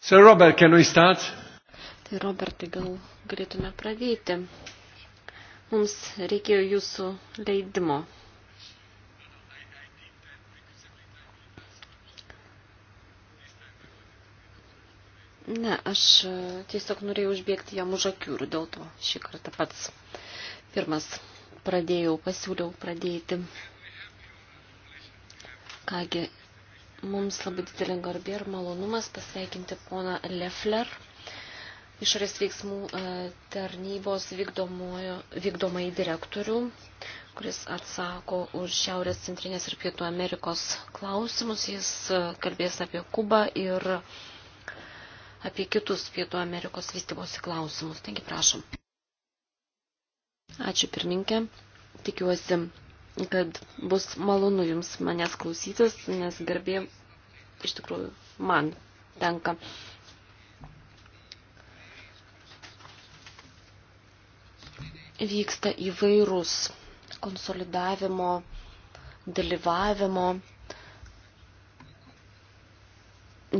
Sir Robert, can we start? Tai Robertai, gal galėtume pradėti. Mums reikėjo jūsų leidimo. Ne, aš e, tiesiog norėjau užbėgti jam už akių ir dėl to šį kartą pats pirmas pradėjau, pasiūliau pradėti. Kągi, Mums labai didelė garbė ir malonumas pasveikinti poną Leffler, išorės veiksmų e, tarnybos vykdomai direktorių, kuris atsako už Šiaurės Centrinės ir Pietų Amerikos klausimus. Jis e, kalbės apie Kubą ir apie kitus Pietų Amerikos vystymosi klausimus. Taigi prašom. Ačiū pirminkė. Tikiuosi, kad bus malonu jums manęs klausytis, nes garbė iš tikrųjų man tenka. Vyksta įvairūs konsolidavimo, dalyvavimo,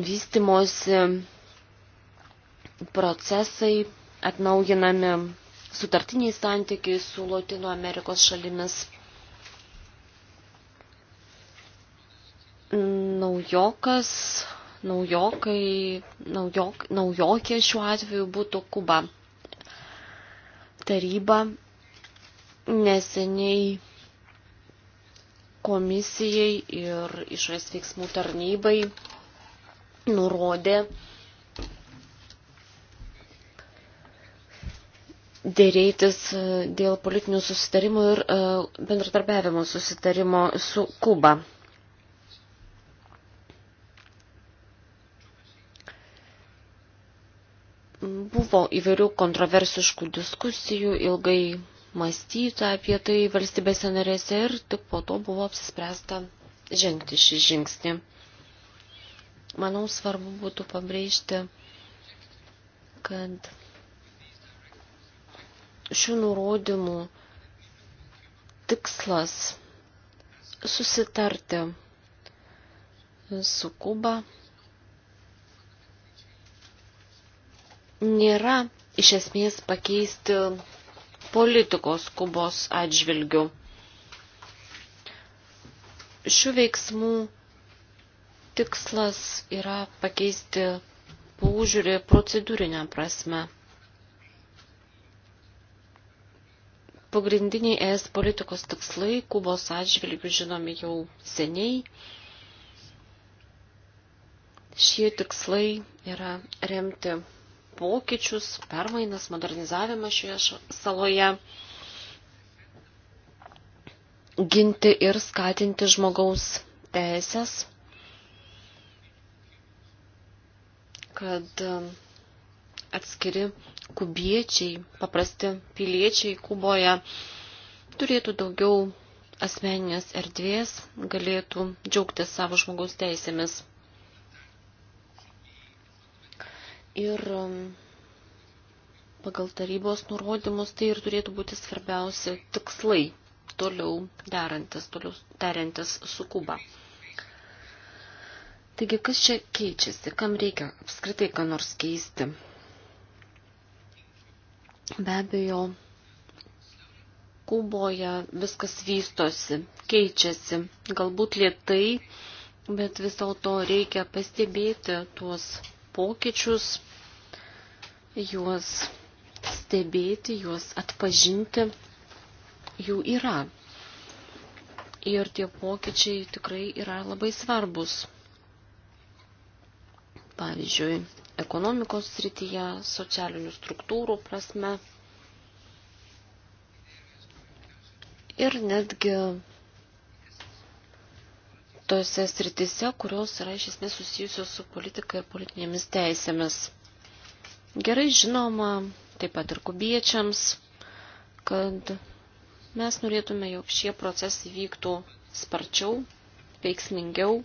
vystimosi procesai atnaujinami sutartiniai santykiai su Latino Amerikos šalimis naujokas, naujokai, naujok, naujokė šiuo atveju būtų Kuba. Taryba neseniai komisijai ir išorės veiksmų tarnybai nurodė dėrėtis dėl politinių susitarimų ir e, bendradarbiavimo susitarimo su Kuba. Buvo įvairių kontroversiškų diskusijų, ilgai mąstyta apie tai valstybėse narėse ir tik po to buvo apsispręsta žengti šį žingsnį. Manau, svarbu būtų pabrėžti, kad šių nurodymų tikslas susitarti su Kuba nėra iš esmės pakeisti politikos Kubos atžvilgių. Šių veiksmų tikslas yra pakeisti paužiūrį procedūrinę prasme. Pagrindiniai ES politikos tikslai Kubos atžvilgių žinomi jau seniai. Šie tikslai yra remti pokyčius, permainas, modernizavimą šioje saloje, ginti ir skatinti žmogaus teisės, kad atskiri kubiečiai, paprasti piliečiai Kuboje turėtų daugiau asmeninės erdvės, galėtų džiaugtis savo žmogaus teisėmis. Ir um, pagal tarybos nurodymus tai ir turėtų būti svarbiausi tikslai toliau derantis, toliau derantis su Kuba. Taigi, kas čia keičiasi, kam reikia apskritai ką nors keisti? Be abejo, Kuboje viskas vystosi, keičiasi, galbūt lietai, bet vis dėlto reikia pastebėti tuos pokyčius, juos stebėti, juos atpažinti, jų yra. Ir tie pokyčiai tikrai yra labai svarbus. Pavyzdžiui, ekonomikos srityje, socialinių struktūrų prasme ir netgi tose sritise, kurios yra iš esmės susijusios su politika ir politinėmis teisėmis. Gerai žinoma, taip pat ir kubiečiams, kad mes norėtume, jog šie procesai vyktų sparčiau, veiksmingiau.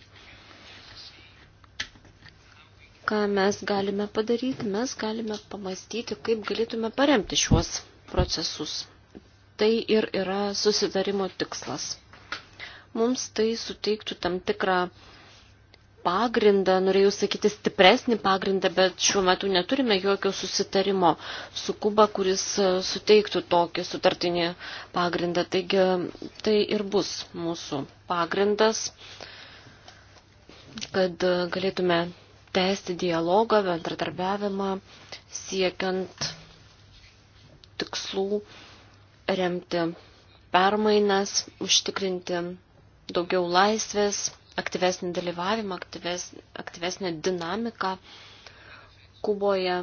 Ką mes galime padaryti? Mes galime pamastyti, kaip galėtume paremti šiuos procesus. Tai ir yra susitarimo tikslas mums tai suteiktų tam tikrą pagrindą, norėjau sakyti stipresnį pagrindą, bet šiuo metu neturime jokio susitarimo su Kuba, kuris e, suteiktų tokį sutartinį pagrindą. Taigi tai ir bus mūsų pagrindas, kad e, galėtume tęsti dialogą, bendradarbiavimą, siekiant tikslų remti permainas, užtikrinti daugiau laisvės, aktyvesnį dalyvavimą, aktyves, aktyvesnę dinamiką Kuboje,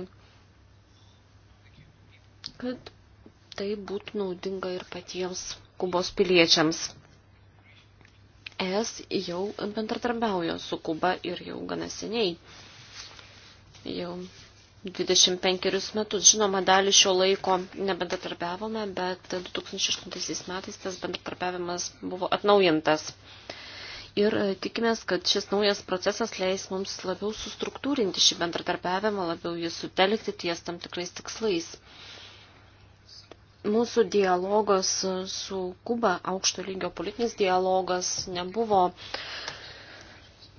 kad tai būtų naudinga ir patiems Kubos piliečiams. Es jau bendradarbiauja su Kuba ir jau gana seniai. Jau 25 metus. Žinoma, dalį šio laiko nebendratarbiavome, bet 2008 metais tas bendratarbiavimas buvo atnaujintas. Ir e, tikimės, kad šis naujas procesas leis mums labiau sustruktūrinti šį bendratarbiavimą, labiau jį sutelkti ties tam tikrais tikslais. Mūsų dialogas su Kuba, aukšto lygio politinis dialogas, nebuvo uh,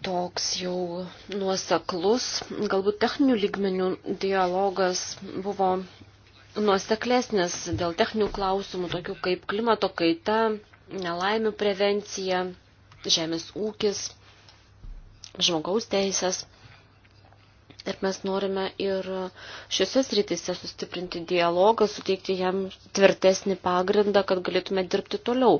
toks jau nuoseklus, galbūt techninių lygmenių dialogas buvo nuoseklesnis dėl techninių klausimų, tokių kaip klimato kaita, nelaimių prevencija, žemės ūkis, žmogaus teisės. Ir mes norime ir šiuose srityse sustiprinti dialogą, suteikti jam tvirtesnį pagrindą, kad galėtume dirbti toliau.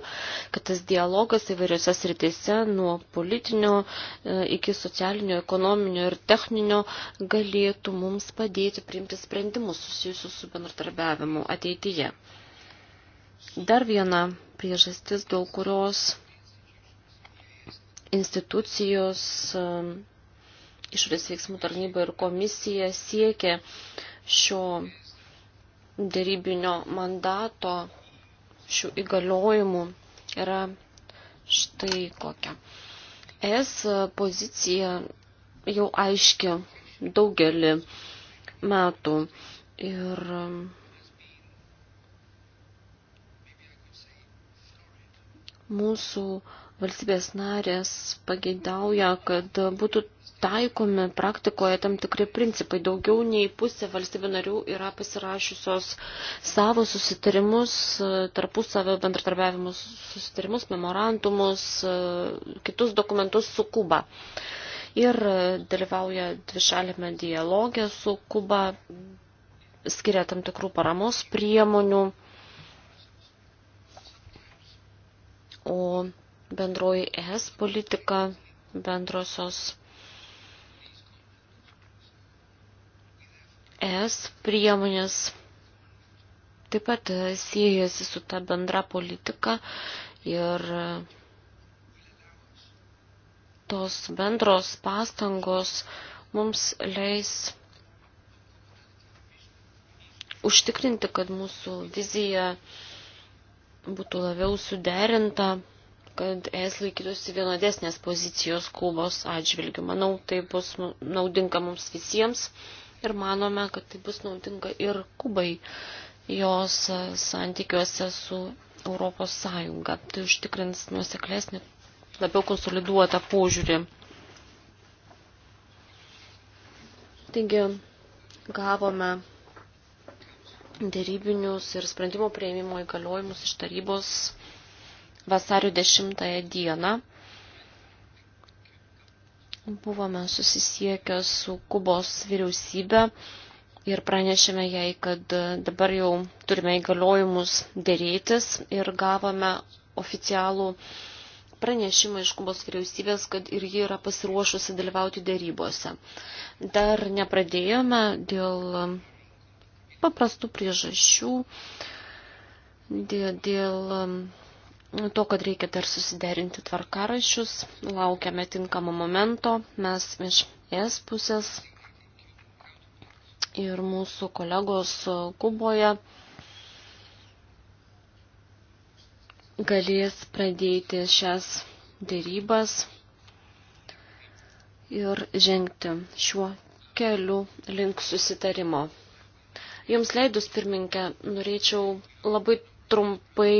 Kad tas dialogas įvairiose srityse, nuo politinio e, iki socialinio, ekonominio ir techninio, galėtų mums padėti priimti sprendimus susijusius su bendradarbiavimu ateityje. Dar viena priežastis, dėl kurios institucijos e, išorės veiksmų tarnyba ir komisija siekia šio dėrybinio mandato, šių įgaliojimų yra štai kokia. Es pozicija jau aiški daugelį metų ir mūsų valstybės narės pageidauja, kad būtų taikomi praktikoje tam tikri principai. Daugiau nei pusė valstybių narių yra pasirašiusios savo susitarimus, tarpusavio bendratarbiavimus susitarimus, memorandumus, kitus dokumentus su Kuba. Ir dalyvauja dvišalėme dialogė su Kuba, skiria tam tikrų paramos priemonių. O bendroji ES politika, bendrosios ES priemonės taip pat e, siejasi su ta bendra politika ir e, tos bendros pastangos mums leis užtikrinti, kad mūsų vizija būtų labiau suderinta kad es laikytųsi vienodesnės pozicijos Kubos atžvilgių. Manau, tai bus naudinga mums visiems ir manome, kad tai bus naudinga ir Kubai jos santykiuose su Europos Sąjunga. Tai užtikrins nuoseklesnį, labiau konsoliduotą požiūrį. Taigi gavome dėrybinius ir sprendimo prieimimo įgaliojimus iš tarybos vasario 10 dieną. Buvome susisiekę su Kubos vyriausybė ir pranešėme jai, kad dabar jau turime įgaliojimus dėrėtis ir gavome oficialų pranešimą iš Kubos vyriausybės, kad ir ji yra pasiruošusi dalyvauti dėrybose. Dar nepradėjome dėl paprastų priežasčių, dėl, dėl to, kad reikia dar susiderinti tvarkarašius, laukiame tinkamo momento, mes iš es pusės ir mūsų kolegos Kuboje galės pradėti šias dėrybas ir žengti šiuo keliu link susitarimo. Jums leidus, pirminkę, norėčiau labai trumpai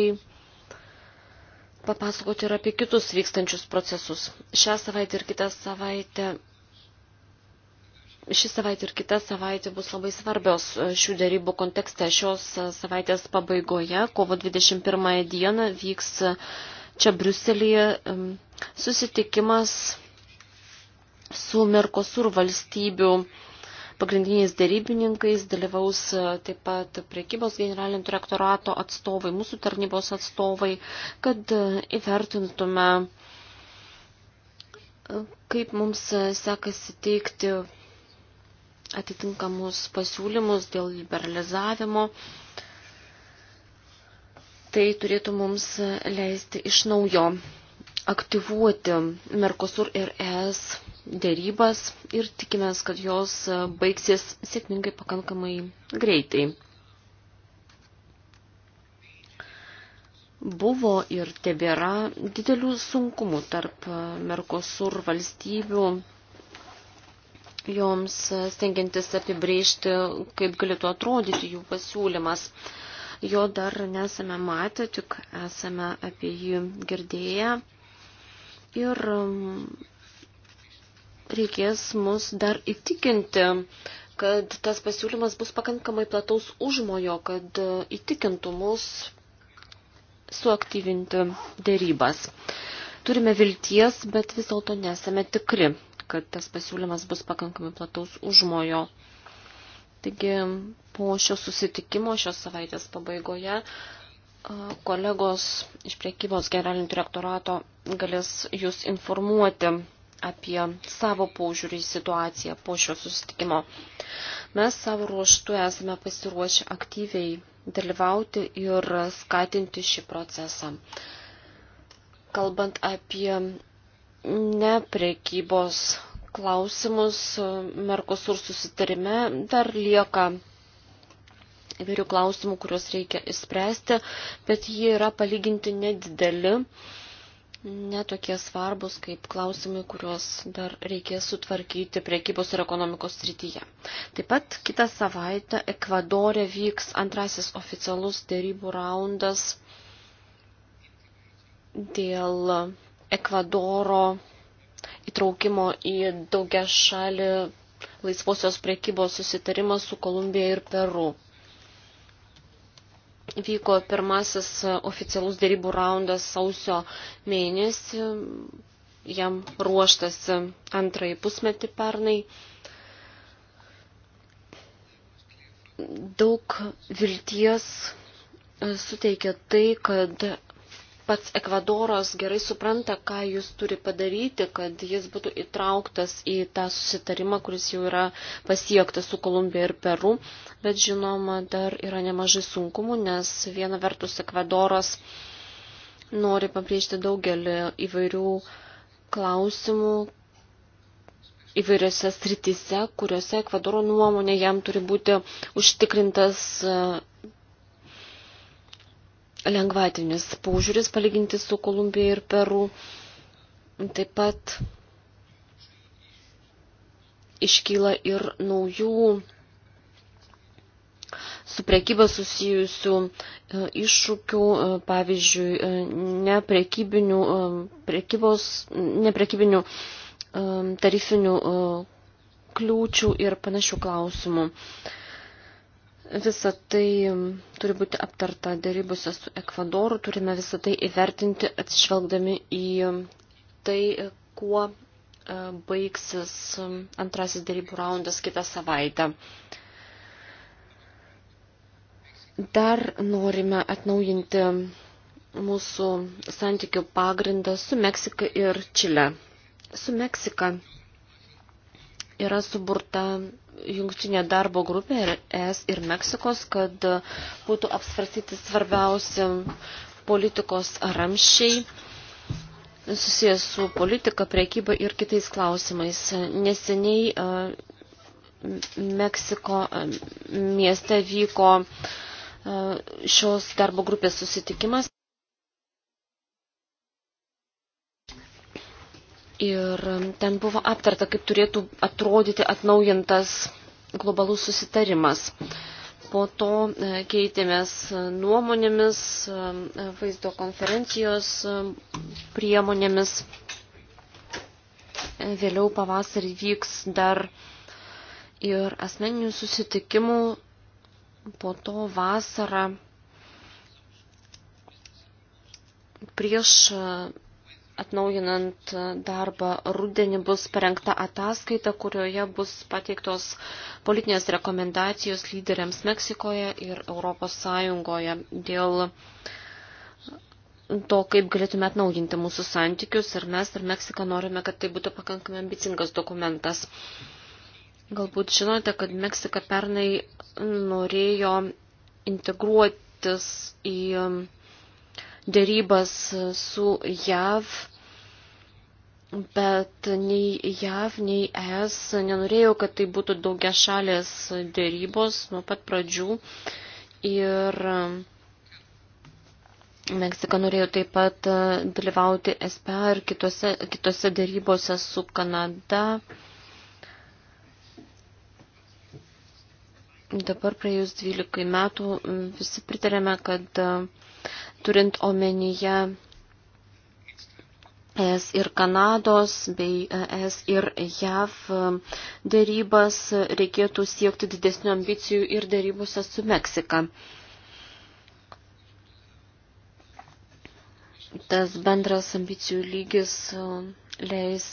papasakoti ir apie kitus vykstančius procesus. Šią savaitę ir kitą savaitę. Ši savaitė ir kita savaitė bus labai svarbios e, šių dėrybų kontekste. Šios e, savaitės pabaigoje, kovo 21 dieną, vyks e, čia Briuselėje susitikimas su Merkosur valstybių pagrindiniais darybininkais, dalyvaus e, taip pat priekybos generalinio direktorato atstovai, mūsų tarnybos atstovai, kad e, įvertintume, e, kaip mums sekasi teikti atitinkamus pasiūlymus dėl liberalizavimo tai turėtų mums leisti iš naujo aktyvuoti Merkosur ir ES dėrybas ir tikimės, kad jos e, baigsis sėkmingai pakankamai greitai. Buvo ir tebėra didelių sunkumų tarp e, Merkosur valstybių, joms e, stengiantis apibrėžti, kaip galėtų atrodyti jų pasiūlymas. Jo dar nesame matę, tik esame apie jį girdėję. Ir reikės mus dar įtikinti, kad tas pasiūlymas bus pakankamai plataus užmojo, kad e, įtikintų mus suaktyvinti dėrybas. Turime vilties, bet vis dėlto nesame tikri, kad tas pasiūlymas bus pakankamai plataus užmojo. Taigi po šio susitikimo šios savaitės pabaigoje e, kolegos iš priekybos generalinio direktorato galės jūs informuoti apie savo požiūrį į situaciją po šio susitikimo. Mes savo ruoštų esame pasiruošę aktyviai dalyvauti ir skatinti šį procesą. Kalbant apie neprekybos klausimus Merkosur susitarime dar lieka įvairių klausimų, kuriuos reikia išspręsti, bet jie yra palyginti nedideli netokie svarbus kaip klausimai, kuriuos dar reikės sutvarkyti priekybos ir ekonomikos srityje. Taip pat kitą savaitę Ekvadorė vyks antrasis oficialus dėrybų raundas dėl Ekvadoro įtraukimo į daugia šalį laisvosios priekybos susitarimą su Kolumbija ir Peru vyko pirmasis e, oficialus dėrybų raundas sausio mėnesį, jam ruoštasi antrąjį pusmetį pernai. Daug vilties e, suteikia tai, kad pats Ekvadoras gerai supranta, ką jis turi padaryti, kad jis būtų įtrauktas į tą susitarimą, kuris jau yra pasiektas su Kolumbija ir Peru. Bet žinoma, dar yra nemažai sunkumų, nes viena vertus Ekvadoras nori pabrėžti daugelį įvairių klausimų įvairiose sritise, kuriuose Ekvadoro nuomonė jam turi būti užtikrintas lengvatinis paužiūris palyginti su Kolumbija ir Peru. Taip pat iškyla ir naujų su prekyba susijusių e, iššūkių, e, pavyzdžiui, e, neprekybinių, prekybos, neprekybinių tarifinių kliūčių ir panašių klausimų. Visa tai turi būti aptarta dėrybose su Ekvadoru, turime visą tai įvertinti atsižvelgdami į tai, kuo e, baigsis antrasis dėrybų raundas kitą savaitę. Dar norime atnaujinti mūsų santykių pagrindą su Meksika ir Čile. Su Meksika yra suburta jungtinė darbo grupė ir ES ir Meksikos, kad būtų apsvarstyti svarbiausi politikos ramščiai susijęs su politika, priekyba ir kitais klausimais. Neseniai e, Meksiko e, mieste vyko e, šios darbo grupės susitikimas. Ir ten buvo aptarta, kaip turėtų atrodyti atnaujintas globalus susitarimas. Po to e, keitėmės nuomonėmis, e, vaizdo konferencijos e, priemonėmis. Vėliau pavasarį vyks dar ir asmeninių susitikimų, po to vasarą prieš Atnaujinant darbą rudenį bus parengta ataskaita, kurioje bus pateiktos politinės rekomendacijos lyderiams Meksikoje ir Europos Sąjungoje dėl to, kaip galėtume atnaujinti mūsų santykius ir mes ir Meksika norime, kad tai būtų pakankamai ambicingas dokumentas. Galbūt žinote, kad Meksika pernai norėjo integruotis į dėrybas su JAV bet nei JAV, nei ES nenorėjau, kad tai būtų daugia šalės dėrybos nuo pat pradžių. Ir Meksika norėjo taip pat dalyvauti SPA ir kitose, kitose dėrybose su Kanada. Dabar praėjus 12 metų visi pritarėme, kad uh, turint omenyje ES ir Kanados bei ES ir JAV dėrybas reikėtų siekti didesnių ambicijų ir dėrybose su Meksika. Tas bendras ambicijų lygis e, leis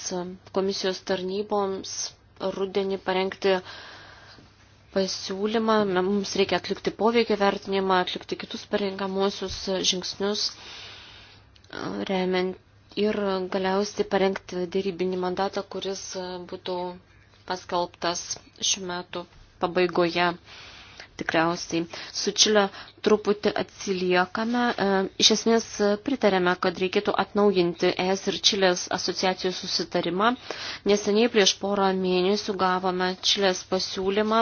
komisijos tarnyboms rudenį parengti uh, pasiūlymą. Mums reikia atlikti poveikį vertinimą, atlikti kitus parengamuosius žingsnius, remiant ir galiausiai parengti dėrybinį mandatą, kuris būtų paskelbtas šiuo metu pabaigoje tikriausiai. Su Čilė truputį atsiliekame. E, iš esmės pritarėme, kad reikėtų atnaujinti ES ir Čilės asociacijų susitarimą. Neseniai prieš porą mėnesių gavome Čilės pasiūlymą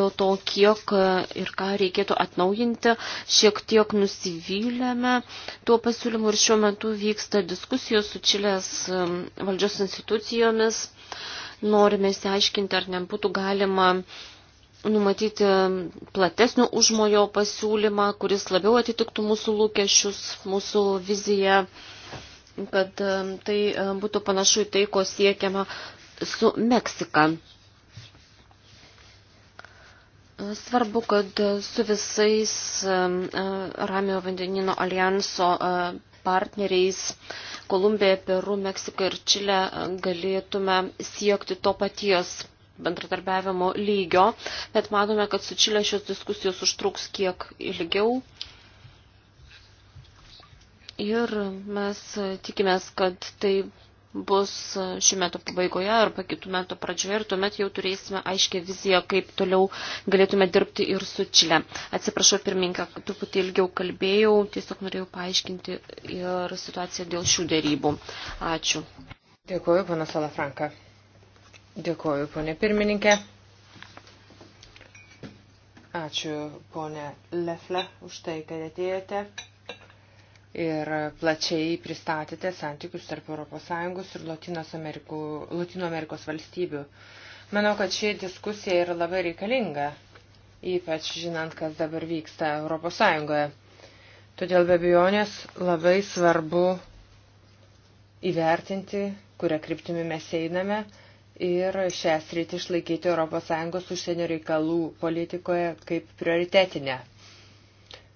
dėl to, kiek e, ir ką reikėtų atnaujinti. Šiek tiek nusivylėme tuo pasiūlymu ir šiuo metu vyksta diskusijos su Čilės e, valdžios institucijomis. Norime įsiaiškinti, ar nebūtų galima uh, numatyti platesnio užmojo pasiūlymą, kuris labiau atitiktų mūsų lūkesčius, mūsų viziją, kad um, tai um, būtų panašu į tai, ko siekiama su Meksika. Svarbu, kad su visais um, uh, Ramio vandenino alijanso uh, partneriais Kolumbija, Peru, Meksika ir Čilė uh, galėtume siekti to paties bendradarbiavimo lygio, bet manome, kad su Čilė šios diskusijos užtruks kiek ilgiau. Ir mes tikimės, kad tai bus šių metų pabaigoje arba kitų metų pradžioje ir tuomet jau turėsime aiškę viziją, kaip toliau galėtume dirbti ir su Čile. Atsiprašau, pirmininką, truputį ilgiau kalbėjau, tiesiog norėjau paaiškinti ir situaciją dėl šių dėrybų. Ačiū. Dėkuoju, pana Salafranka. Dėkoju, ponė pirmininkė. Ačiū, ponė Lefle, už tai, kad atėjote ir plačiai pristatėte santykius tarp ES ir Amerikų, Latino Amerikos valstybių. Manau, kad ši diskusija yra labai reikalinga, ypač žinant, kas dabar vyksta ES. Todėl be abejonės labai svarbu įvertinti, kurią kryptimį mes einame ir šią sritį išlaikyti ES užsienio reikalų politikoje kaip prioritetinę.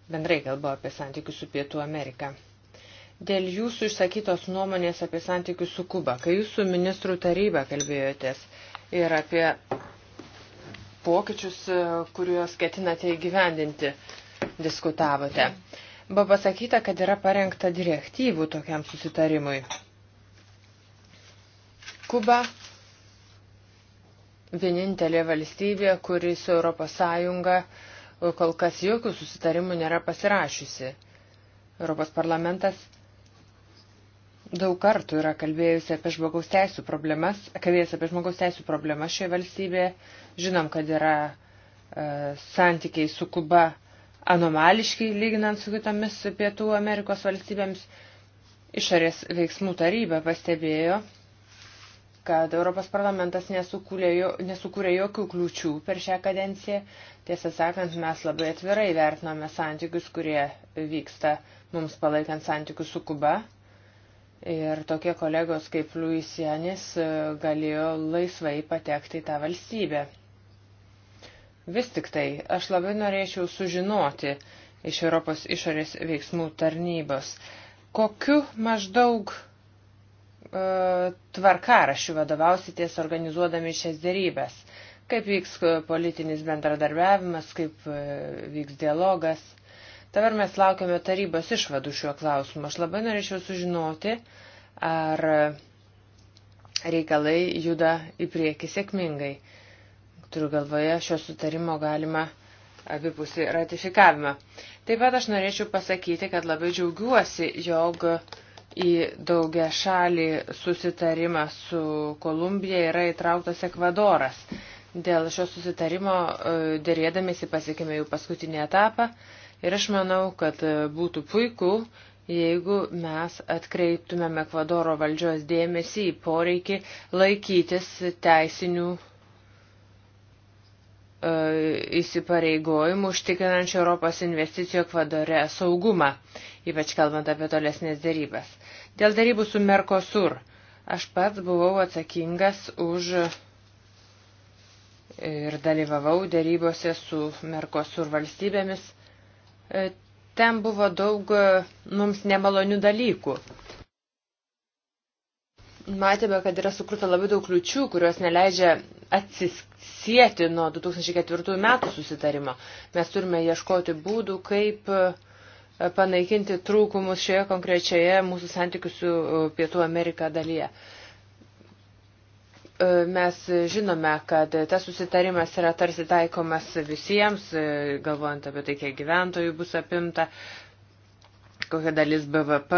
Bendrai kalbu apie santykius su Pietų Amerika. Dėl jūsų išsakytos nuomonės apie santykius su Kuba, kai jūsų ministrų taryba kalbėjotės ir apie pokyčius, e, kuriuos ketinate įgyvendinti, diskutavote. Buvo pasakyta, kad yra parengta direktyvų tokiam susitarimui. Kuba vienintelė valstybė, kuri su ES e, kol kas jokių susitarimų nėra pasirašiusi. Europos parlamentas daug kartų yra kalbėjusi apie žmogaus teisų problemas, kalbėjęs apie žmogaus teisų problemas šioje valstybėje. Žinom, kad yra e, santykiai su Kuba anomališki, lyginant su kitomis Pietų Amerikos valstybėms. Išorės veiksmų taryba pastebėjo, kad Europos parlamentas nesukūrė, nesukūrė jokių kliučių per šią kadenciją. Tiesą sakant, mes labai atvirai vertiname santykius, kurie vyksta mums palaikant santykius su Kuba. Ir tokie kolegos kaip Luis Janis e, galėjo laisvai patekti į tą valstybę. Vis tik tai aš labai norėčiau sužinoti iš Europos išorės veiksmų tarnybos, kokiu maždaug E, tvarkarašių vadovausitės organizuodami šias dėrybės? Kaip vyks politinis bendradarbiavimas, kaip e, vyks dialogas? Dabar mes laukiame tarybos išvadų šiuo klausimu. Aš labai norėčiau sužinoti, ar reikalai juda į priekį sėkmingai. Turiu galvoje šio sutarimo galima abipusį ratifikavimą. Taip pat aš norėčiau pasakyti, kad labai džiaugiuosi, jog uh, į daugia šalį susitarimą su Kolumbija yra įtrauktas Ekvadoras. Dėl šio susitarimo e, dėrėdamėsi pasiekime jau paskutinį etapą ir aš manau, kad e, būtų puiku, jeigu mes atkreiptumėm Ekvadoro valdžios dėmesį į poreikį laikytis teisinių E, įsipareigojimų užtikrinančių Europos investicijų Ekvadore saugumą, ypač kalbant apie tolesnės dėrybas. Dėl dėrybų su Mercosur aš pats buvau atsakingas už ir dalyvavau dėrybose su Mercosur valstybėmis. E, ten buvo daug e, mums nemalonių dalykų matėme, kad yra sukurta labai daug kliučių, kurios neleidžia atsisieti nuo 2004 metų susitarimo. Mes turime ieškoti būdų, kaip e, panaikinti trūkumus šioje konkrečioje mūsų santykių su e, Pietų Amerika dalyje. E, mes žinome, kad tas susitarimas yra tarsi taikomas visiems, galvojant apie tai, kiek gyventojų bus apimta, kokia dalis BVP,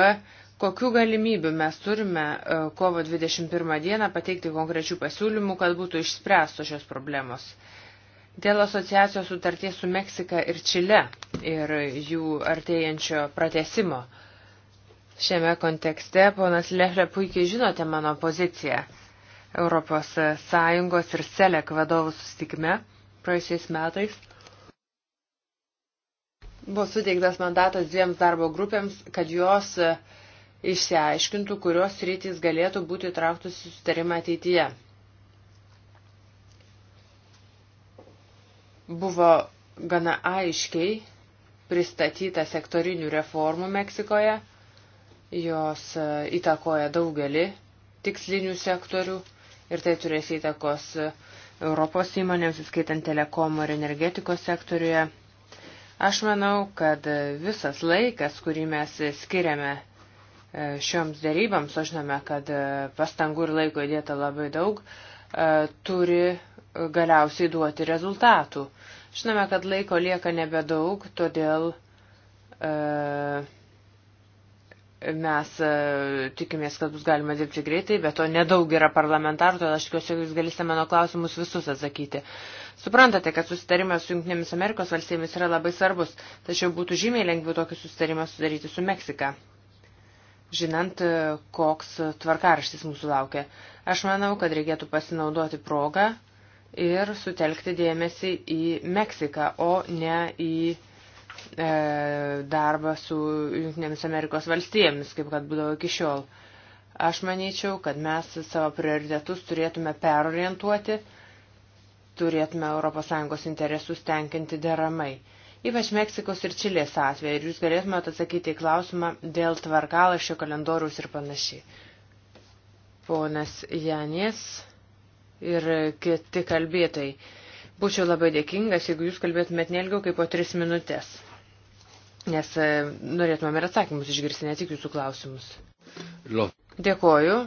Kokių galimybių mes turime e, kovo 21 dieną pateikti konkrečių pasiūlymų, kad būtų išspręstos šios problemos? Dėl asociacijos sutarties su Meksika ir Čile ir jų artėjančio pratesimo. Šiame kontekste ponas Lefre puikiai žinote mano poziciją. Europos Sąjungos ir SELEK vadovų sustikime praėjusiais metais buvo suteiktas mandatas dviems darbo grupėms, kad jos uh, išsiaiškintų, kurios rytis galėtų būti įtrauktus į sustarimą ateityje. Buvo gana aiškiai pristatyta sektorinių reformų Meksikoje, jos e, įtakoja daugelį tikslinių sektorių ir tai turės įtakos Europos įmonėms, įskaitant telekomo ir energetikos sektoriuje. Aš manau, kad visas laikas, kurį mes skiriame E, šioms dėryboms, o žinome, kad e, pastangų ir laiko įdėta labai daug, e, turi galiausiai duoti rezultatų. Žinome, kad laiko lieka nebedaug, todėl mes tikimės, kad bus galima dirbti greitai, bet to nedaug yra parlamentarų, todėl aš tikiuosi, jūs galite mano klausimus visus atsakyti. Suprantate, kad susitarimas su Junktinėmis Amerikos valstybėmis yra labai svarbus, tačiau būtų žymiai lengviau tokį susitarimą sudaryti su Meksika žinant, e, koks tvarkaraštis mūsų laukia. Aš manau, kad reikėtų pasinaudoti progą ir sutelkti dėmesį į Meksiką, o ne į e, darbą su Junktinėmis Amerikos valstijomis, kaip kad būdavo iki šiol. Aš manyčiau, kad mes savo prioritetus turėtume perorientuoti, turėtume ES interesus tenkinti deramai ypač Meksikos ir Čilės atveju. Ir jūs galėtumėte atsakyti į klausimą dėl tvarkalašio kalendoriaus ir panašiai. Ponas Janės ir kiti kalbėtojai. Būčiau labai dėkingas, jeigu jūs kalbėtumėt nelgiau kaip po tris minutės. Nes e, norėtumėm ir atsakymus išgirsti, ne tik jūsų klausimus. Lo. Dėkoju.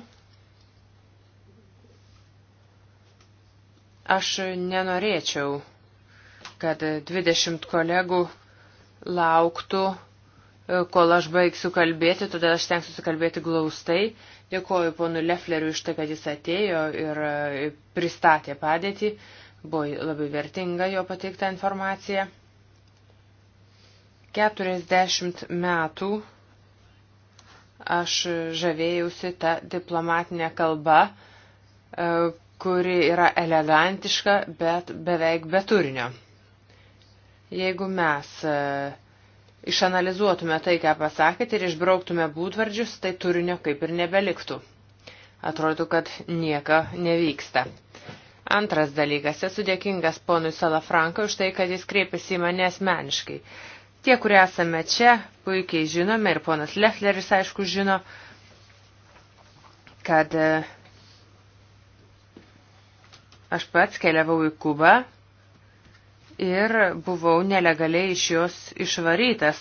Aš nenorėčiau kad 20 kolegų lauktų, e, kol aš baigsiu kalbėti, todėl aš stengsiu kalbėti glaustai. Dėkoju ponu Lefleriu iš tai, kad jis atėjo ir e, pristatė padėtį. Buvo labai vertinga jo pateikta informacija. 40 metų aš žavėjausi tą diplomatinę kalbą, e, kuri yra elegantiška, bet beveik be turinio. Jeigu mes e, išanalizuotume tai, ką pasakėte ir išbrauktume būdvardžius, tai turinio kaip ir nebeliktų. Atrodo, kad nieko nevyksta. Antras dalykas, esu dėkingas ponui Salafrankai už tai, kad jis kreipėsi į mane asmeniškai. Tie, kurie esame čia, puikiai žinome ir ponas Lechleris, aišku, žino, kad e, aš pats keliavau į Kubą ir buvau nelegaliai iš jos išvarytas,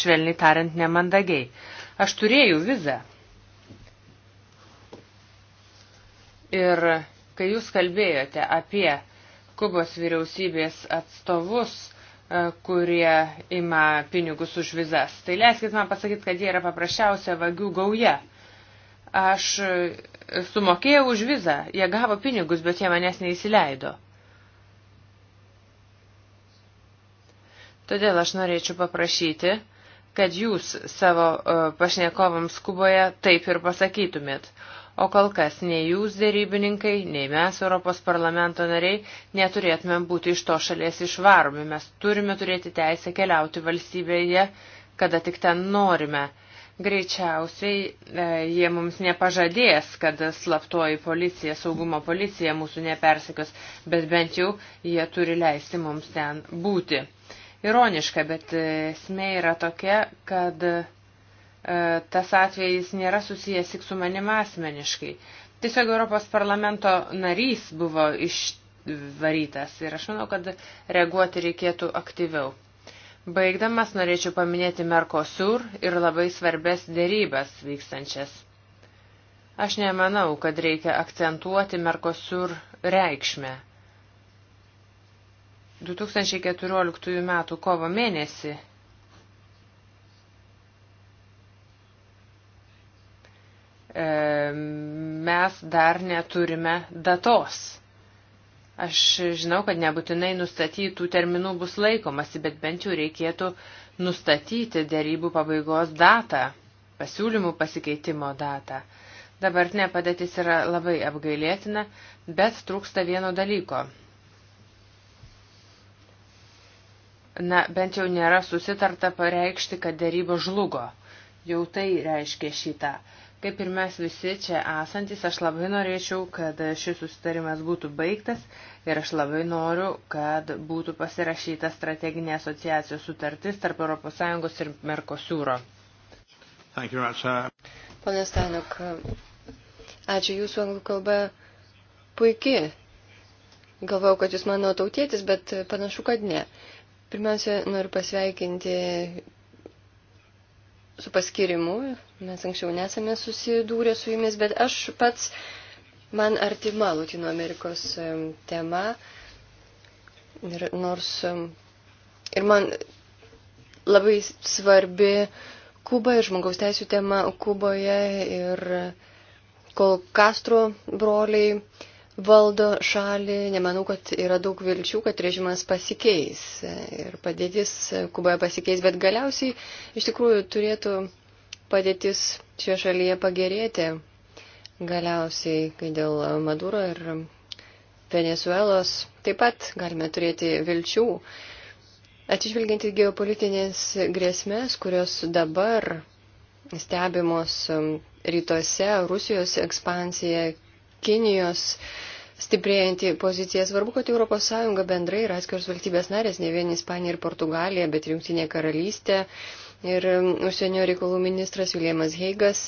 švelniai tariant, nemandagiai. Aš turėjau vizą. Ir kai jūs kalbėjote apie Kubos vyriausybės atstovus, e, kurie ima pinigus už vizas. Tai leiskit man pasakyti, kad jie yra paprasčiausia vagių gauja. Aš sumokėjau už vizą, jie gavo pinigus, bet jie manęs neįsileido. Todėl aš norėčiau paprašyti, kad jūs savo e, pašnekovams Kuboje taip ir pasakytumėt. O kol kas nei jūs dėrybininkai, nei mes Europos parlamento nariai neturėtumėm būti iš to šalies išvaromi. Mes turime turėti teisę keliauti valstybėje, kada tik ten norime. Greičiausiai e, jie mums nepažadės, kad slaptoji policija, saugumo policija mūsų nepersekios, bet bent jau jie turi leisti mums ten būti ironiška, bet e, esmė yra tokia, kad e, tas atvejis nėra susijęs tik su manim asmeniškai. Tiesiog Europos parlamento narys buvo išvarytas ir aš manau, kad reaguoti reikėtų aktyviau. Baigdamas norėčiau paminėti Mercosur ir labai svarbės dėrybas vykstančias. Aš nemanau, kad reikia akcentuoti Mercosur reikšmę 2014 m. kovo mėnesį e, mes dar neturime datos. Aš žinau, kad nebūtinai nustatytų terminų bus laikomasi, bet bent jau reikėtų nustatyti dėrybų pabaigos datą, pasiūlymų pasikeitimo datą. Dabartinė padėtis yra labai apgailėtina, bet trūksta vieno dalyko na, bent jau nėra susitarta pareikšti, kad dėryba žlugo. Jau tai reiškia šitą. Kaip ir mes visi čia esantis, aš labai norėčiau, kad šis susitarimas būtų baigtas ir aš labai noriu, kad būtų pasirašyta strateginė asociacijos sutartis tarp ES ir Merkosiūro. Uh, Pane Stanok, ačiū jūsų anglų kalba puikiai. Galvau, kad jūs mano tautietis, bet panašu, kad ne. Pirmiausia, noriu pasveikinti su paskirimu. Mes anksčiau nesame susidūrę su jumis, bet aš pats man artima Latino Amerikos tema. Ir nors ir man labai svarbi Kuba ir žmogaus teisų tema Kuboje ir kol Castro broliai valdo šalį, nemanau, kad yra daug vilčių, kad režimas pasikeis ir padėtis Kuboje pasikeis, bet galiausiai iš tikrųjų turėtų padėtis šioje šalyje pagerėti. Galiausiai, kai dėl Maduro ir Venezuelos taip pat galime turėti vilčių. Atsižvelgiant į geopolitinės grėsmės, kurios dabar stebimos rytuose, Rusijos ekspansija, Kinijos stiprėjantį poziciją. Svarbu, kad ES bendrai ir atskiros valstybės narės, ne vien Ispanija ir Portugalija, bet ir Junktinė karalystė ir um, užsienio reikalų ministras Viljamas Heigas.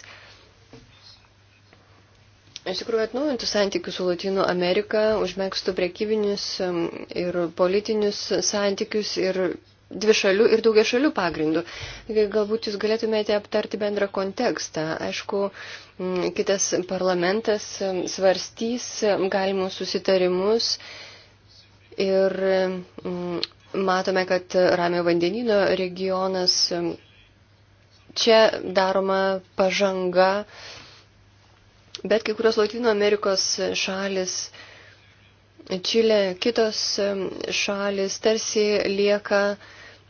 Iš tikrųjų, atnaujintų santykių su Latino Amerika, užmėgstų priekybinius um, ir politinius santykius ir dvišalių ir daugia šalių pagrindų. Galbūt jūs galėtumėte aptarti bendrą kontekstą. Aišku, kitas parlamentas svarstys galimus susitarimus ir matome, kad Ramio vandenino regionas čia daroma pažanga, bet kai kurios Latino Amerikos šalis Čilė, kitos šalis tarsi lieka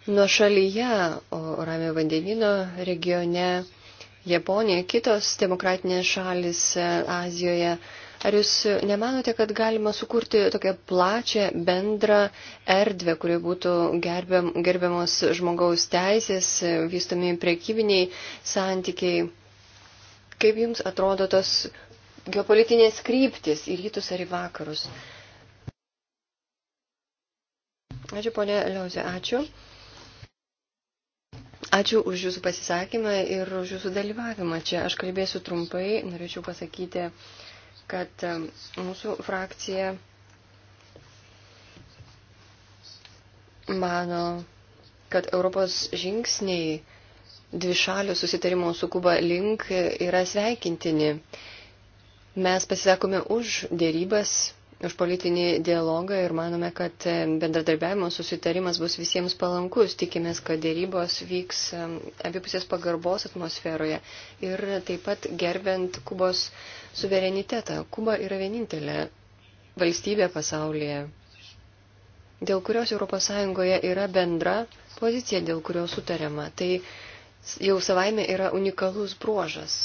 nuo šalyje, o Ramio vandenino regione, Japonija, kitos demokratinės šalis e, Azijoje. Ar jūs nemanote, kad galima sukurti tokią plačią bendrą erdvę, kurioje būtų gerbiam, gerbiamos žmogaus teisės, e, vystomi priekybiniai santykiai? Kaip jums atrodo tos geopolitinės kryptis į rytus ar į vakarus? Ačiū, ponė Liauzė, ačiū. Ačiū už Jūsų pasisakymą ir už Jūsų dalyvavimą čia. Aš kalbėsiu trumpai, norėčiau pasakyti, kad e, mūsų frakcija mano, kad Europos žingsniai dvišalių susitarimų su Kuba link yra sveikintini. Mes pasisakome už dėrybas už politinį dialogą ir manome, kad e, bendradarbiavimo susitarimas bus visiems palankus. Tikimės, kad dėrybos vyks e, abipusės pagarbos atmosferoje ir taip pat gerbent Kubos suverenitetą. Kuba yra vienintelė valstybė pasaulyje, dėl kurios ES yra bendra pozicija, dėl kurios sutariama. Tai jau savaime yra unikalus bruožas.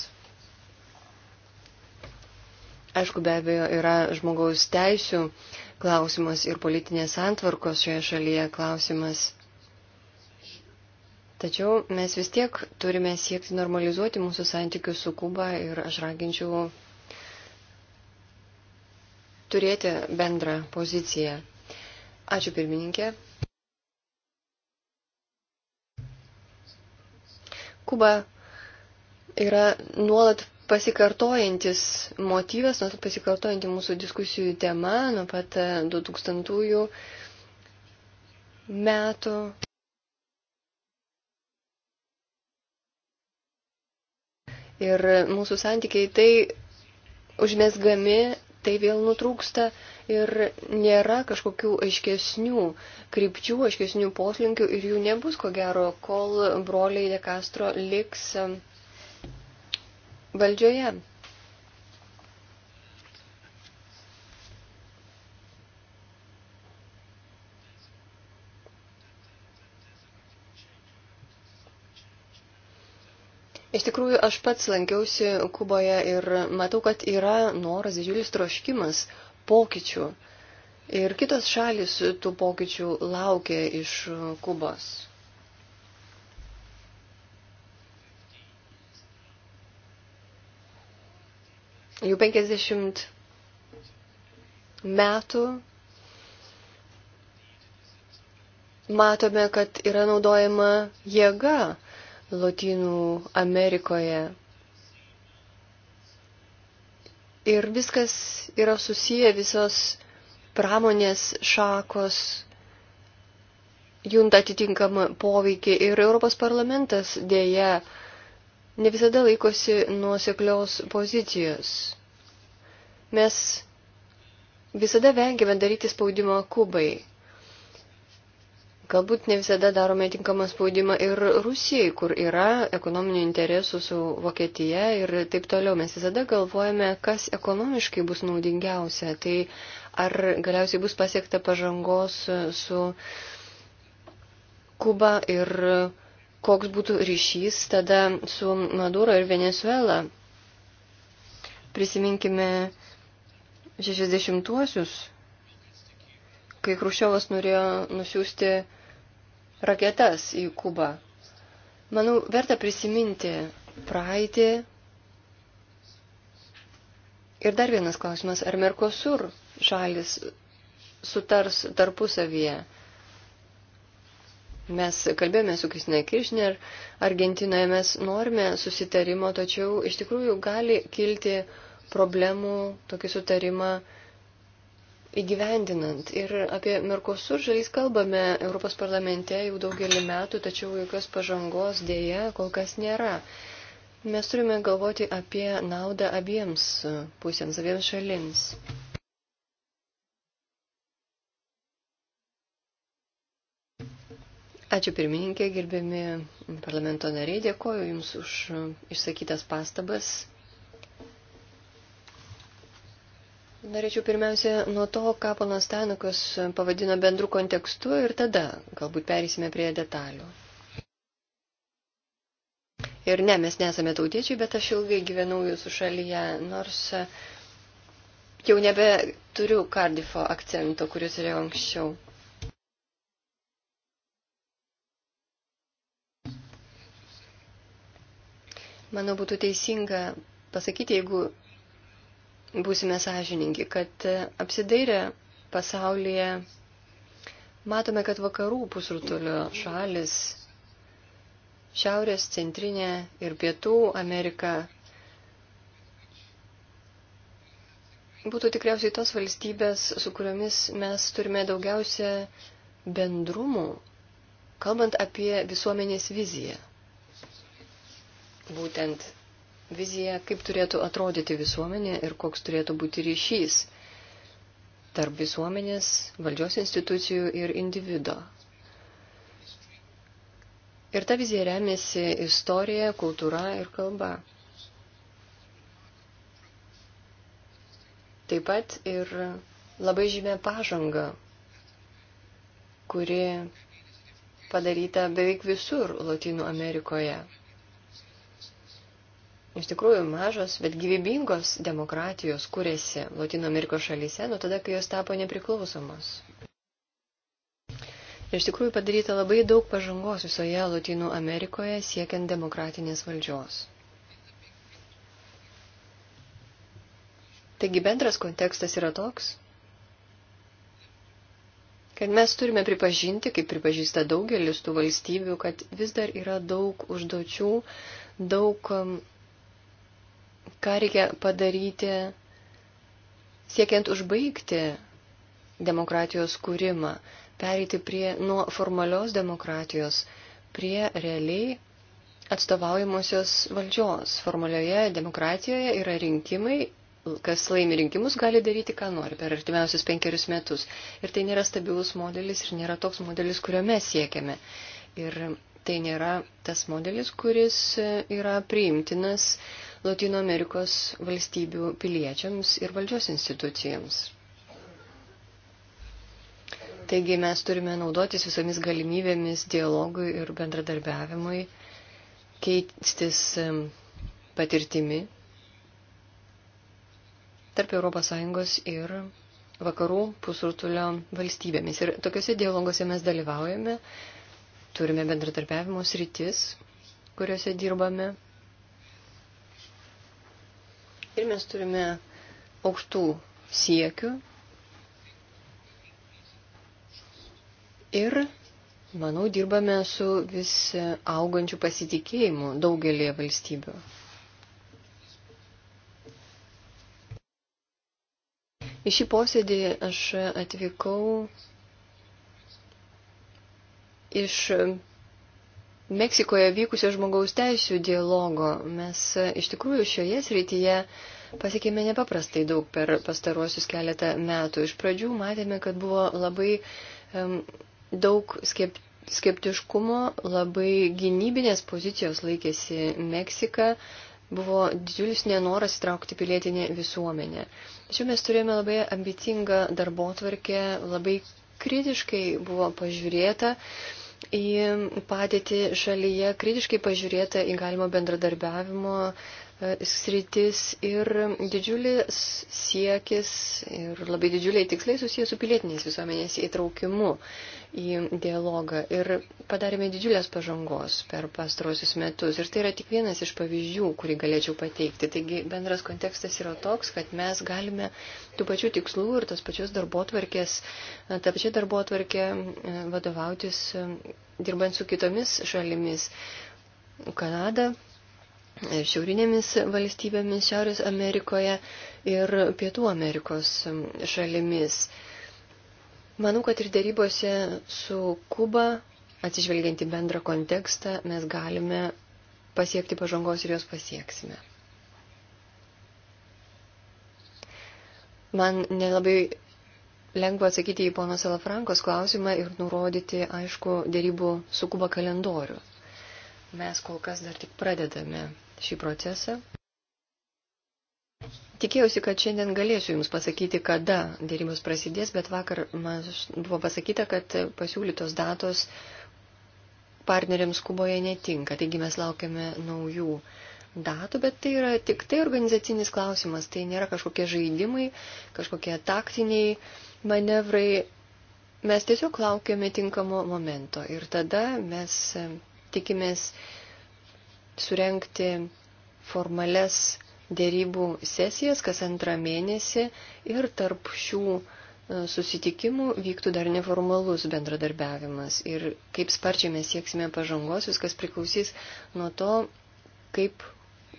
Aišku, be abejo, yra žmogaus teisų klausimas ir politinės santvarkos šioje šalyje klausimas. Tačiau mes vis tiek turime siekti normalizuoti mūsų santykius su Kuba ir aš raginčiau turėti bendrą poziciją. Ačiū pirmininkė. Kuba yra nuolat pasikartojantis motyvas, nu, pasikartojanti mūsų diskusijų tema nuo pat 2000 e, metų. Ir mūsų santykiai tai užmesgami, tai vėl nutrūksta ir nėra kažkokių aiškesnių krypčių, aiškesnių poslinkių ir jų nebus, ko gero, kol broliai De Castro liks valdžioje. Iš tikrųjų, aš pats lankiausi Kuboje ir matau, kad yra noras didžiulis troškimas pokyčių. Ir kitos šalis tų pokyčių laukia iš Kubos. Jau 50 metų matome, kad yra naudojama jėga Lotynų Amerikoje. Ir viskas yra susiję, visos pramonės šakos junta atitinkamą poveikį ir Europos parlamentas dėja ne visada laikosi nuoseklios pozicijos. Mes visada vengiame daryti spaudimą Kubai. Galbūt ne visada darome tinkamą spaudimą ir Rusijai, kur yra ekonominių interesų su Vokietija ir taip toliau. Mes visada galvojame, kas ekonomiškai bus naudingiausia. Tai ar galiausiai bus pasiekta pažangos su Kuba ir koks būtų ryšys tada su Maduro ir Venezuela. Prisiminkime 60-uosius, kai Kruščiovas norėjo nusiųsti raketas į Kubą. Manau, verta prisiminti praeitį. Ir dar vienas klausimas, ar Merkosur šalis sutars tarpusavyje? Mes kalbėjome su Kristina Kiršner, Argentinoje mes norime susitarimo, tačiau iš tikrųjų gali kilti uh, problemų tokį sutarimą įgyvendinant. Ir apie Merkosur šalis kalbame Europos parlamente jau daugelį metų, tačiau jokios pažangos dėja kol kas nėra. Mes turime galvoti apie naudą abiems pusėms, abiems šalims. Ačiū pirmininkė, gerbiami parlamento nariai, dėkoju Jums už išsakytas pastabas. Norėčiau pirmiausia nuo to, ką ponas Tanukas pavadino bendru kontekstu ir tada galbūt perėsime prie detalių. Ir ne, mes nesame tautiečiai, bet aš ilgai gyvenau jūsų šalyje, nors e, jau nebeturiu Kardifo akcento, kuris turėjau anksčiau. Manau, būtų teisinga pasakyti, jeigu būsime sąžiningi, kad apsidairę pasaulyje matome, kad vakarų pusrutulio šalis, šiaurės, centrinė ir pietų Amerika būtų tikriausiai tos valstybės, su kuriomis mes turime daugiausia bendrumų, kalbant apie visuomenės viziją. Būtent viziją, kaip turėtų atrodyti visuomenė ir koks turėtų būti ryšys tarp visuomenės, valdžios institucijų ir individo. Ir ta vizija remiasi istorija, kultūra ir kalba. Taip pat ir labai žymė pažanga, kuri padaryta beveik visur Latino Amerikoje. Iš tikrųjų, mažos, bet gyvybingos demokratijos kūrėsi Latino Amerikos šalyse nuo tada, kai jos tapo nepriklausomos. Iš tikrųjų padaryta labai daug pažangos visoje Latino Amerikoje siekiant demokratinės valdžios. Taigi bendras kontekstas yra toks, kad mes turime pripažinti, kaip pripažįsta daugelis tų valstybių, kad vis dar yra daug užduočių, daug um, ką reikia padaryti siekiant užbaigti demokratijos kūrimą, pereiti prie nuo formalios demokratijos prie realiai atstovaujamosios valdžios. Formalioje demokratijoje yra rinkimai, kas laimi rinkimus gali daryti, ką nori per artimiausius penkerius metus. Ir tai nėra stabilus modelis ir nėra toks modelis, kurio mes siekiame. Ir tai nėra tas modelis, kuris yra priimtinas Latino Amerikos valstybių piliečiams ir valdžios institucijams. Taigi mes turime naudotis visomis galimybėmis dialogui ir bendradarbiavimui, keistis patirtimi tarp ES ir vakarų pusrutulio valstybėmis. Ir tokiuose dialoguose mes dalyvaujame, Turime bendradarbiavimo sritis, kuriuose dirbame. Ir mes turime aukštų siekių. Ir, manau, dirbame su vis augančiu pasitikėjimu daugelie valstybių. Į šį posėdį aš atvykau iš e, Meksikoje vykusio žmogaus teisų dialogo. Mes e, iš tikrųjų šioje srityje pasiekėme nepaprastai daug per pastaruosius keletą metų. Iš pradžių matėme, kad buvo labai um, daug skept, skeptiškumo, labai gynybinės pozicijos laikėsi Meksika, buvo didžiulis nenoras įtraukti pilietinę visuomenę. Tačiau mes turėjome labai ambicingą darbo tvarkę, labai kritiškai buvo pažiūrėta. Um, į padėtį šalyje kritiškai pažiūrėta į galimo bendradarbiavimo sritis ir didžiulis siekis ir labai didžiuliai tikslai susijęs su pilietinės visuomenės įtraukimu į dialogą. Ir padarėme didžiulės pažangos per pastarosius metus. Ir tai yra tik vienas iš pavyzdžių, kurį galėčiau pateikti. Taigi bendras kontekstas yra toks, kad mes galime tų pačių tikslų ir tos pačios darbotvarkės, tą pačią darbotvarkę e, vadovautis e, dirbant su kitomis šalimis. Kanada šiaurinėmis valstybėmis Šiaurės Amerikoje ir Pietų Amerikos šalimis. Manau, kad ir dėrybose su Kuba, atsižvelgiant į bendrą kontekstą, mes galime pasiekti pažangos ir jos pasieksime. Man nelabai lengva atsakyti į pono Salafrankos klausimą ir nurodyti, aišku, dėrybų su Kuba kalendorių. Mes kol kas dar tik pradedame šį procesą. Tikėjausi, kad šiandien galėsiu Jums pasakyti, kada dėrybos prasidės, bet vakar man buvo pasakyta, kad pasiūlytos datos partneriams Kuboje netinka. Taigi mes laukiame naujų datų, bet tai yra tik tai organizacinis klausimas. Tai nėra kažkokie žaidimai, kažkokie taktiniai manevrai. Mes tiesiog laukiame tinkamo momento ir tada mes tikimės surenkti formales dėrybų sesijas kas antrą mėnesį ir tarp šių e, susitikimų vyktų dar neformalus bendradarbiavimas. Ir kaip sparčiai mes sieksime pažangos, viskas priklausys nuo to, kaip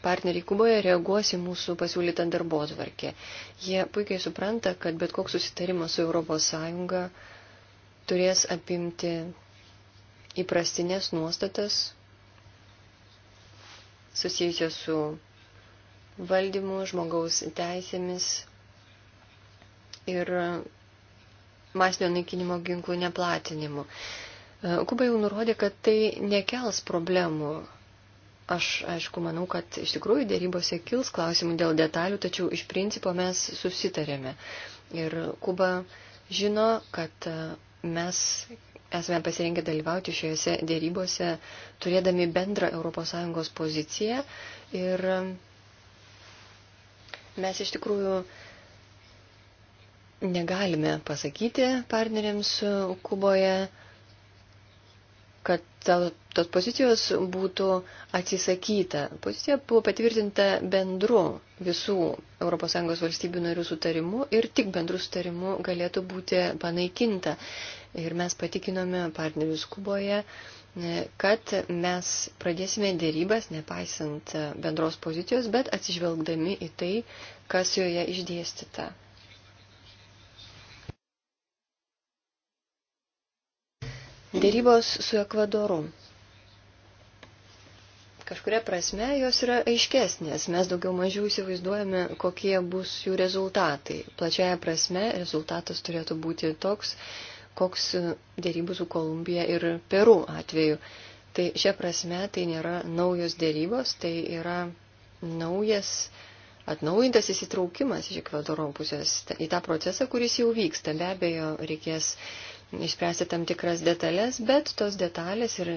partneriai Kuboje reaguos į mūsų pasiūlytą darbo atvarkę. Jie puikiai supranta, kad bet koks susitarimas su ES turės apimti įprastinės nuostatas, susijusios su valdymu, žmogaus teisėmis ir masinio naikinimo ginklų neplatinimu. E, Kuba jau nurodė, kad tai nekels problemų. Aš, aišku, manau, kad iš tikrųjų dėrybose kils klausimų dėl detalių, tačiau iš principo mes susitarėme. Ir Kuba žino, kad e, mes esame pasirinkę dalyvauti šiuose dėrybose, turėdami bendrą ES poziciją. Ir mes iš tikrųjų negalime pasakyti partneriams Kuboje, kad tos pozicijos būtų atsisakyta. Pozicija buvo patvirtinta bendru visų ES valstybių narių sutarimu ir tik bendru sutarimu galėtų būti panaikinta. Ir mes patikinome partnerius Kuboje, e, kad mes pradėsime dėrybas, nepaisant bendros pozicijos, bet atsižvelgdami į tai, kas joje išdėstyta. Dėrybos su Ekvadoru. Kažkuria prasme jos yra aiškesnės, mes daugiau mažiau įsivaizduojame, kokie bus jų rezultatai. Plačiaja prasme rezultatas turėtų būti toks, koks dėrybų su Kolumbija ir Peru atveju. Tai šia prasme tai nėra naujos dėrybos, tai yra naujas atnaujintas įsitraukimas iš Ekvadoro pusės į tą procesą, kuris jau vyksta. Be abejo, reikės išspręsti tam tikras detalės, bet tos detalės ir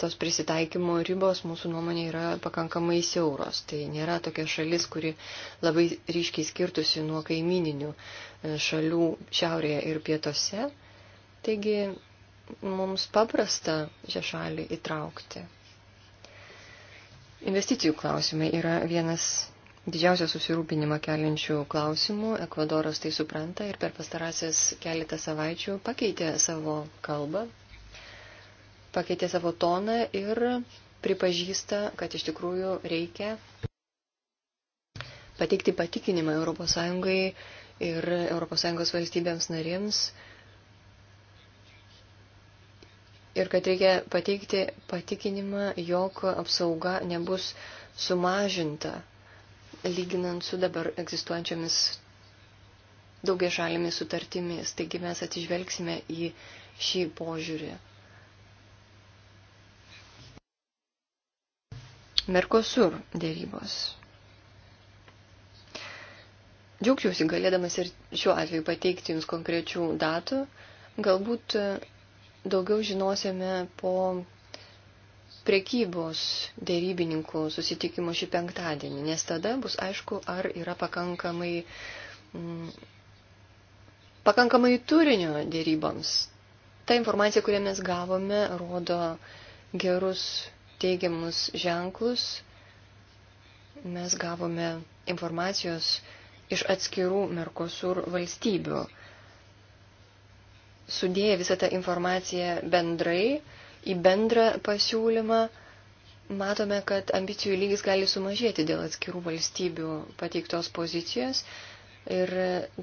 tos prisitaikymo ribos mūsų nuomonė yra pakankamai siauros. Tai nėra tokia šalis, kuri labai ryškiai skirtusi nuo kaimininių e, šalių šiaurėje ir pietose. Taigi mums paprasta šią šalį įtraukti. Investicijų klausimai yra vienas didžiausią susirūpinimą keliančių klausimų. Ekvadoras tai supranta ir per pastarąsias keletą savaičių pakeitė savo kalbą, pakeitė savo toną ir pripažįsta, kad iš tikrųjų reikia pateikti patikinimą ES ir ES valstybėms narėms ir kad reikia pateikti patikinimą, jog apsauga nebus sumažinta lyginant su dabar egzistuojančiomis daugia šalimis sutartimis. Taigi mes atsižvelgsime į šį požiūrį. Merkosur dėrybos. Džiaugčiausi galėdamas ir šiuo atveju pateikti Jums konkrečių datų. Galbūt daugiau žinosime po priekybos dėrybininkų susitikimo šį penktadienį, nes tada bus aišku, ar yra pakankamai, m, mm, pakankamai turinio dėryboms. Ta informacija, kurią mes gavome, rodo gerus teigiamus ženklus. Mes gavome informacijos iš atskirų Merkosur valstybių. Sudėję visą tą informaciją bendrai, į bendrą pasiūlymą, matome, kad ambicijų lygis gali sumažėti dėl atskirų valstybių pateiktos pozicijos. Ir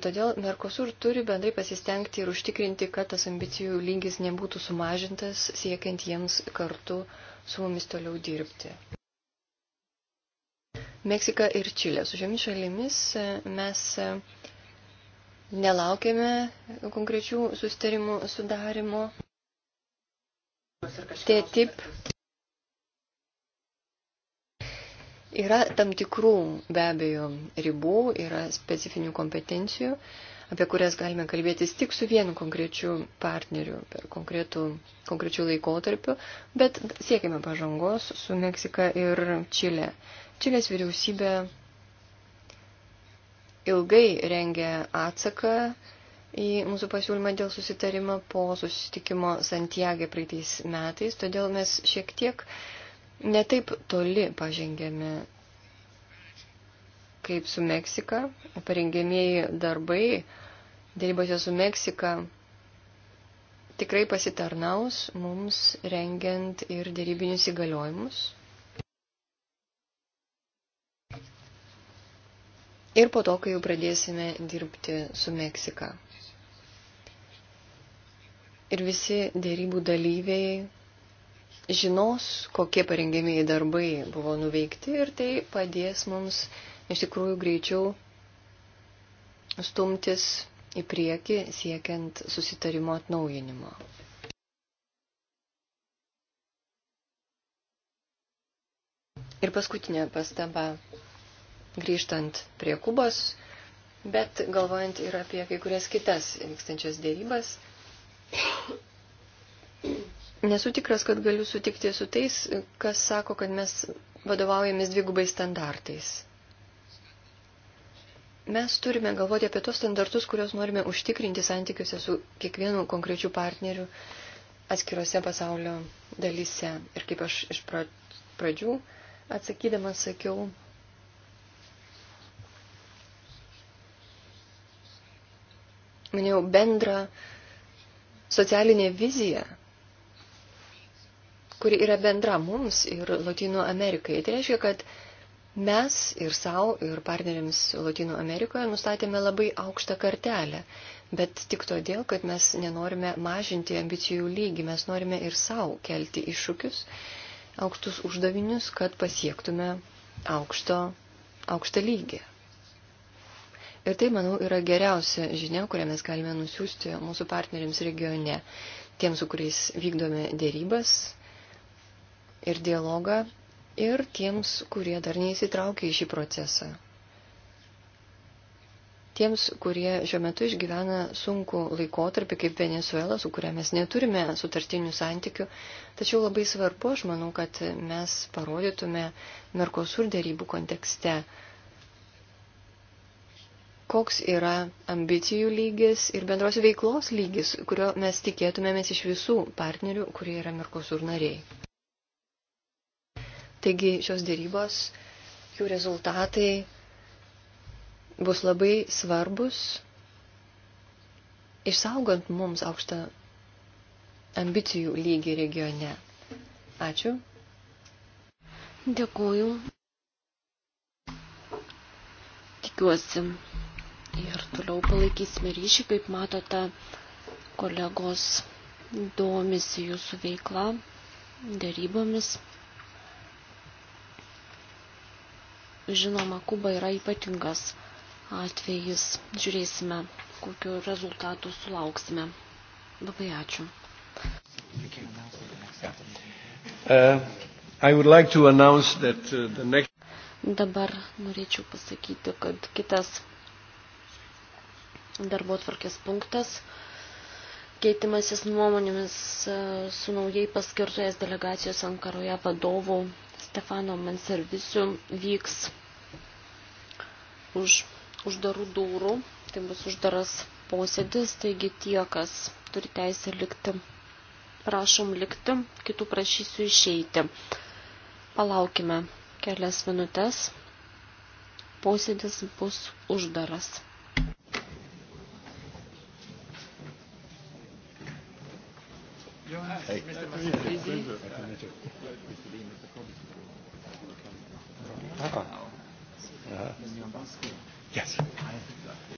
todėl Mercosur turi bendrai pasistengti ir užtikrinti, kad tas ambicijų lygis nebūtų sumažintas, siekiant jiems kartu su mumis toliau dirbti. Meksika ir Čilė. Su šiomis šalimis mes nelaukėme konkrečių sustarimų sudarimo. TTIP yra tam tikrų be abejo ribų, yra specifinių kompetencijų, apie kurias galime kalbėtis tik su vienu konkrečiu partneriu per konkretų, konkrečių laikotarpių, bet siekime pažangos su Meksika ir Čilė. Čilės vyriausybė ilgai rengė atsaką į mūsų pasiūlymą dėl susitarimo po susitikimo Santiago praeitais metais, todėl mes šiek tiek netaip toli pažengėme kaip su Meksika. Parengėmėjai darbai dėrybose su Meksika tikrai pasitarnaus mums rengiant ir dėrybinius įgaliojimus. Ir po to, kai jau pradėsime dirbti su Meksika ir visi dėrybų dalyviai žinos, kokie parengėmiai darbai buvo nuveikti ir tai padės mums iš tikrųjų greičiau stumtis į priekį siekiant susitarimo atnaujinimo. Ir paskutinė pastaba, grįžtant prie Kubos, bet galvojant ir apie kai kurias kitas vykstančias dėrybas, Nesu tikras, kad galiu sutikti su tais, kas sako, kad mes vadovaujamės dvigubai standartais. Mes turime galvoti apie tos standartus, kuriuos norime užtikrinti santykiuose su kiekvienu konkrečiu partneriu atskirose pasaulio dalyse. Ir kaip aš iš pradžių atsakydamas sakiau, minėjau bendrą socialinė vizija, kuri yra bendra mums ir Latino Amerikai. Tai reiškia, kad mes ir savo, ir partneriams Latino Amerikoje nustatėme labai aukštą kartelę, bet tik todėl, kad mes nenorime mažinti ambicijų lygį, mes norime ir savo kelti iššūkius, aukštus uždavinius, kad pasiektume aukšto, aukštą lygį. Ir tai, manau, yra geriausia žinia, kurią mes galime nusiųsti mūsų partneriams regione, tiems, su kuriais vykdome dėrybas ir dialogą, ir tiems, kurie dar neįsitraukia į šį procesą. Tiems, kurie šiuo metu išgyvena sunku laikotarpį kaip Venezuela, su kuria mes neturime sutartinių santykių, tačiau labai svarbu, aš manau, kad mes parodytume Merkosur dėrybų kontekste, koks yra ambicijų lygis ir bendros veiklos lygis, kurio mes tikėtumėmės iš visų partnerių, kurie yra Mirkosur nariai. Taigi šios dėrybos, jų rezultatai bus labai svarbus, išsaugant mums aukštą ambicijų lygį regione. Ačiū. Dėkuoju tikiuosi ir toliau palaikysime ryšį, kaip matote, kolegos domisi jūsų veikla, dėrybomis. Žinoma, Kuba yra ypatingas atvejis. Žiūrėsime, kokiu rezultatu sulauksime. Labai ačiū. Uh, like that, uh, next... Dabar norėčiau pasakyti, kad kitas darbo tvarkės punktas keitimasis nuomonėmis e, su naujai paskirtojas delegacijos Ankaroje vadovu Stefano Manservisiu vyks už uždarų durų. Tai bus uždaras posėdis, taigi tie, kas turi teisę likti, prašom likti, kitų prašysiu išeiti. Palaukime kelias minutės. Posėdis bus uždaras. Hey. Ah. Uh, yes.